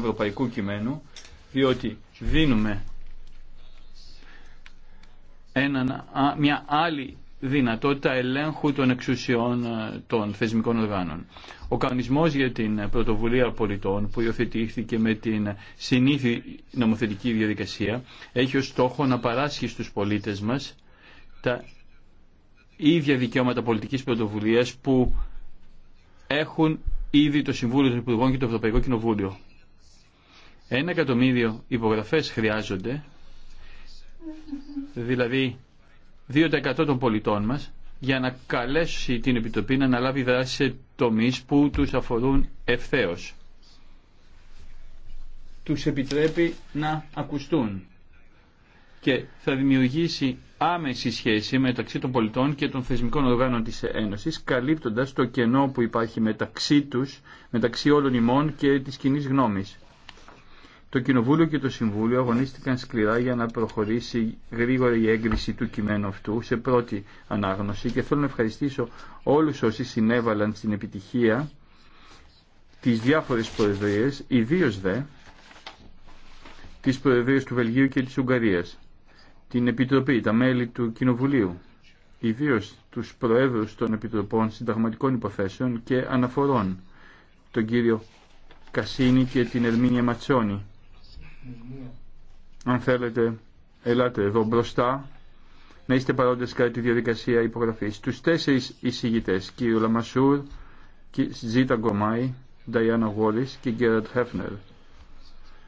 ευρωπαϊκού κειμένου, διότι δίνουμε μια άλλη δυνατότητα ελέγχου των εξουσιών ε, των θεσμικών οργάνων. Ο κανονισμός για την πρωτοβουλία πολιτών που υιοθετήθηκε με την συνήθι νομοθετική διαδικασία έχει ως στόχο να παράσχει στους πολίτες μας τα ίδια δικαιώματα πολιτικής πρωτοβουλίας που έχουν ήδη το Συμβούλιο των Υπουργών και το Ευρωπαϊκό Κοινοβούλιο. Ένα εκατομμύριο υπογραφές χρειάζονται, δηλαδή 2% των πολιτών μας, για να καλέσει την Επιτροπή να αναλάβει δράση σε τομείς που τους αφορούν ευθέως. Τους επιτρέπει να ακουστούν και θα δημιουργήσει άμεση σχέση μεταξύ των πολιτών και των θεσμικών οργάνων της Ένωσης, καλύπτοντας το κενό που υπάρχει μεταξύ τους, μεταξύ όλων ημών και της κοινή γνώμης. Το Κοινοβούλιο και το Συμβούλιο αγωνίστηκαν σκληρά για να προχωρήσει γρήγορα η έγκριση του κειμένου αυτού σε πρώτη ανάγνωση και θέλω να ευχαριστήσω όλους όσοι συνέβαλαν στην επιτυχία τις διάφορες προεδρίες, ιδίω δε τις προεδρίες του Βελγίου και της Ουγγαρίας, την Επιτροπή, τα μέλη του Κοινοβουλίου, ιδίω τους προέδρους των Επιτροπών Συνταγματικών Υποθέσεων και Αναφορών, τον κύριο Κασίνη και την Ερμήνια Ματσόνη αν θέλετε, ελάτε εδώ μπροστά να είστε παρόντες κατά τη διαδικασία υπογραφής. Τους τέσσερις εισηγητές, κύριο Λαμασούρ, Ζήτα Γκομάη, Νταϊάννα Γόλης και Γκέρατ Χέφνερ.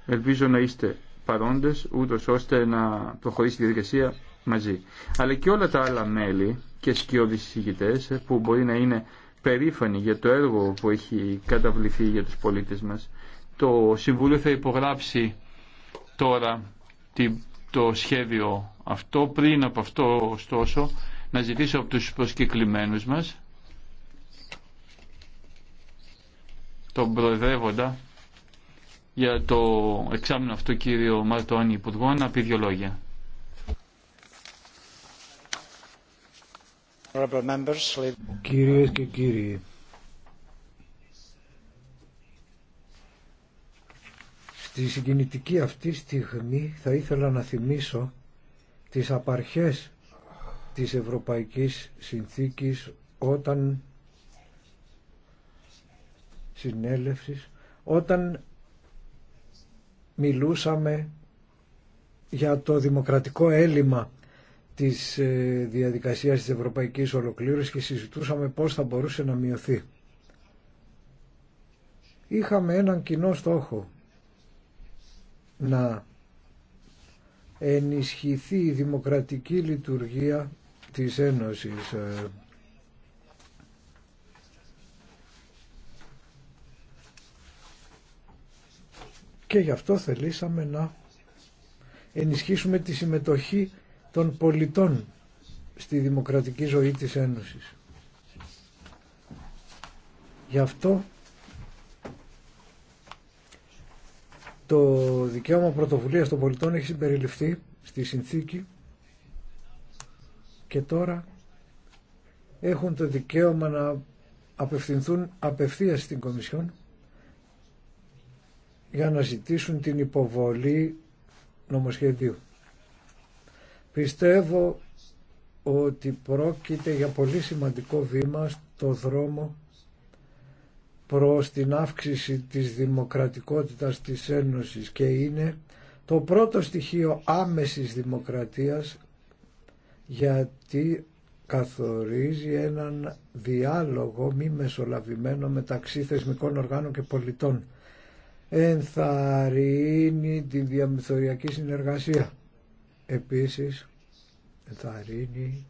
Ελπίζω να είστε παρόντες, ούτως ώστε να προχωρήσει η διαδικασία μαζί. Αλλά και όλα τα άλλα μέλη και σκιώδεις εισηγητές που μπορεί να είναι περήφανοι για το έργο που έχει καταβληθεί για τους πολίτες μας. Το Συμβούλιο θα υπογράψει τώρα το σχέδιο αυτό. Πριν από αυτό, ωστόσο, να ζητήσω από τους προσκεκλημένους μας, τον Προεδρεύοντα, για το εξάμεινο αυτό κύριο Μαρτώνη Υπουργό, να πει δύο λόγια. Κυρίες και κύριοι, Στη συγκινητική αυτή στιγμή θα ήθελα να θυμίσω τις απαρχές της Ευρωπαϊκής Συνθήκης όταν συνέλευσης, όταν μιλούσαμε για το δημοκρατικό έλλειμμα της ε, διαδικασίας της Ευρωπαϊκής Ολοκλήρωσης και συζητούσαμε πώς θα μπορούσε να μειωθεί. Είχαμε έναν κοινό στόχο να ενισχυθεί η δημοκρατική λειτουργία της Ένωσης. Ε, και γι' αυτό θελήσαμε να ενισχύσουμε τη συμμετοχή των πολιτών στη δημοκρατική ζωή της Ένωσης. Γι' αυτό το δικαίωμα πρωτοβουλίας των πολιτών έχει συμπεριληφθεί στη συνθήκη και τώρα έχουν το δικαίωμα να απευθυνθούν απευθείας στην Κομισιόν για να ζητήσουν την υποβολή νομοσχεδίου. Πιστεύω ότι πρόκειται για πολύ σημαντικό βήμα στο δρόμο προς την αύξηση της δημοκρατικότητας της Ένωσης και είναι το πρώτο στοιχείο άμεσης δημοκρατίας γιατί καθορίζει έναν διάλογο μη μεσολαβημένο μεταξύ θεσμικών οργάνων και πολιτών. Ενθαρρύνει τη διαμεθοριακή συνεργασία. Επίσης, ενθαρρύνει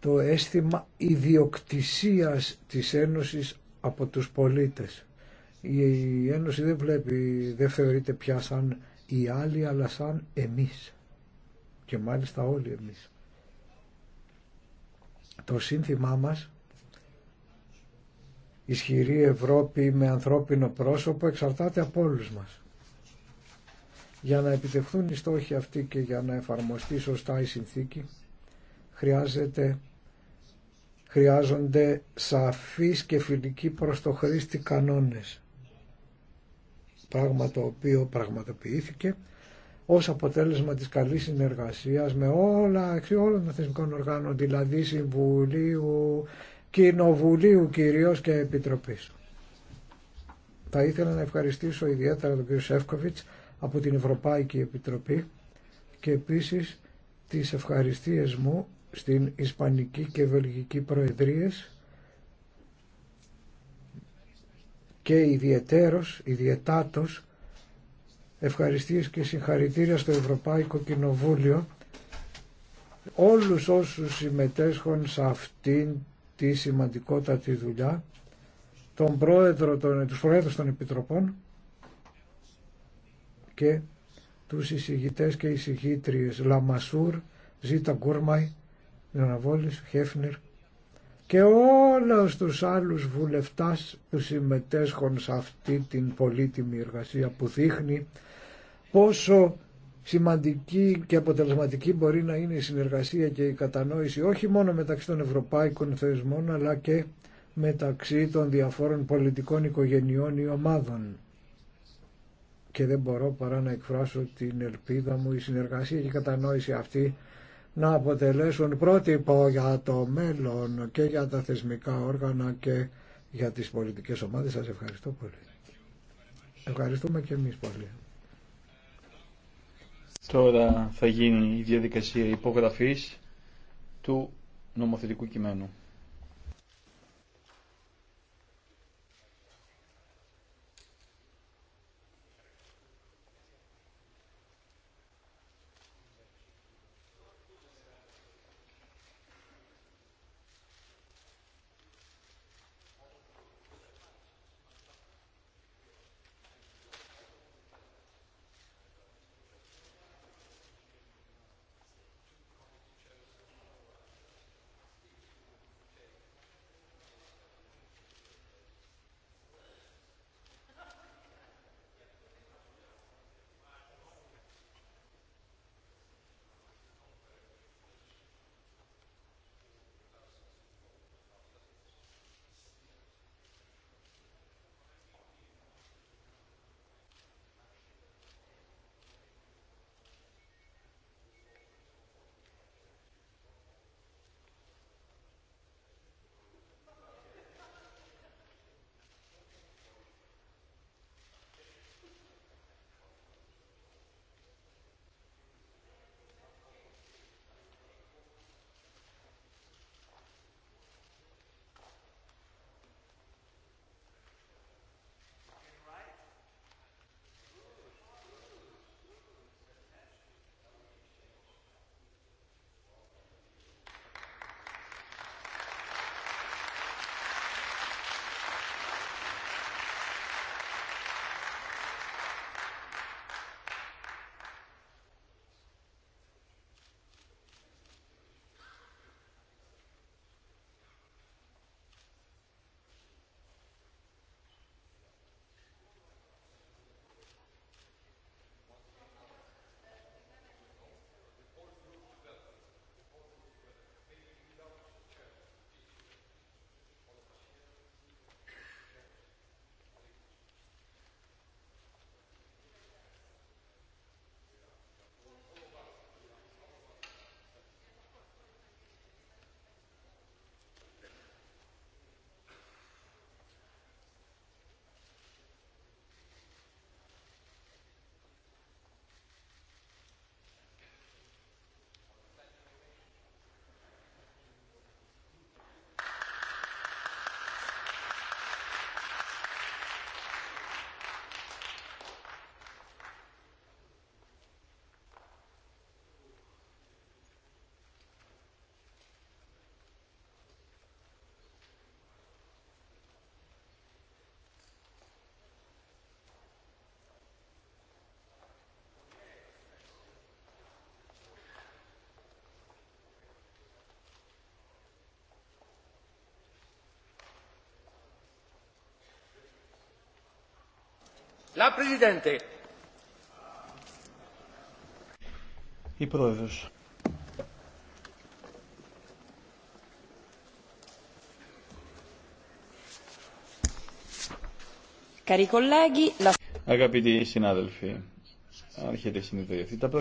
το αίσθημα ιδιοκτησίας της Ένωσης από τους πολίτες. Η Ένωση δεν βλέπει, δεν θεωρείται πια σαν οι άλλοι αλλά σαν εμείς και μάλιστα όλοι εμείς. Το σύνθημά μας ισχυρή Ευρώπη με ανθρώπινο πρόσωπο εξαρτάται από όλους μας. Για να επιτευχθούν οι στόχοι αυτοί και για να εφαρμοστεί σωστά η συνθήκη χρειάζεται χρειάζονται σαφείς και φιλικοί προς το χρήστη κανόνες. Πράγμα το οποίο πραγματοποιήθηκε ως αποτέλεσμα της καλής συνεργασίας με όλα, όλων των θεσμικών οργάνων, δηλαδή Συμβουλίου, Κοινοβουλίου κυρίως και Επιτροπής. Θα ήθελα να ευχαριστήσω ιδιαίτερα τον κ. Σεύκοβιτς από την Ευρωπαϊκή Επιτροπή και επίσης τις ευχαριστίες μου στην Ισπανική και Βελγική Προεδρίες και ιδιαιτέρως, ιδιαιτάτως ευχαριστίες και συγχαρητήρια στο Ευρωπαϊκό Κοινοβούλιο όλους όσους συμμετέσχουν σε αυτήν τη σημαντικότατη δουλειά, τον πρόεδρο, τον, τους πρόεδρους των Επιτροπών και τους εισηγητές και εισηγήτριες Λαμασούρ, Ζήτα Γκούρμαϊ, Ναναβόλης, Χέφνερ και όλα τους άλλους βουλευτάς που συμμετέσχουν σε αυτή την πολύτιμη εργασία που δείχνει πόσο σημαντική και αποτελεσματική μπορεί να είναι η συνεργασία και η κατανόηση όχι μόνο μεταξύ των ευρωπαϊκών θεσμών αλλά και μεταξύ των διαφόρων πολιτικών οικογενειών ή ομάδων. Και δεν μπορώ παρά να εκφράσω την ελπίδα μου η συνεργασία και η κατανόηση αυτή να αποτελέσουν πρότυπο για το μέλλον και για τα θεσμικά όργανα και για τις πολιτικές ομάδες. Σας ευχαριστώ πολύ. Ευχαριστούμε και εμείς πολύ. Τώρα θα γίνει η διαδικασία υπογραφής του νομοθετικού κειμένου. La Presidente. Η Πρόεδρος. Αγαπητοί συνάδελφοι, άρχεται η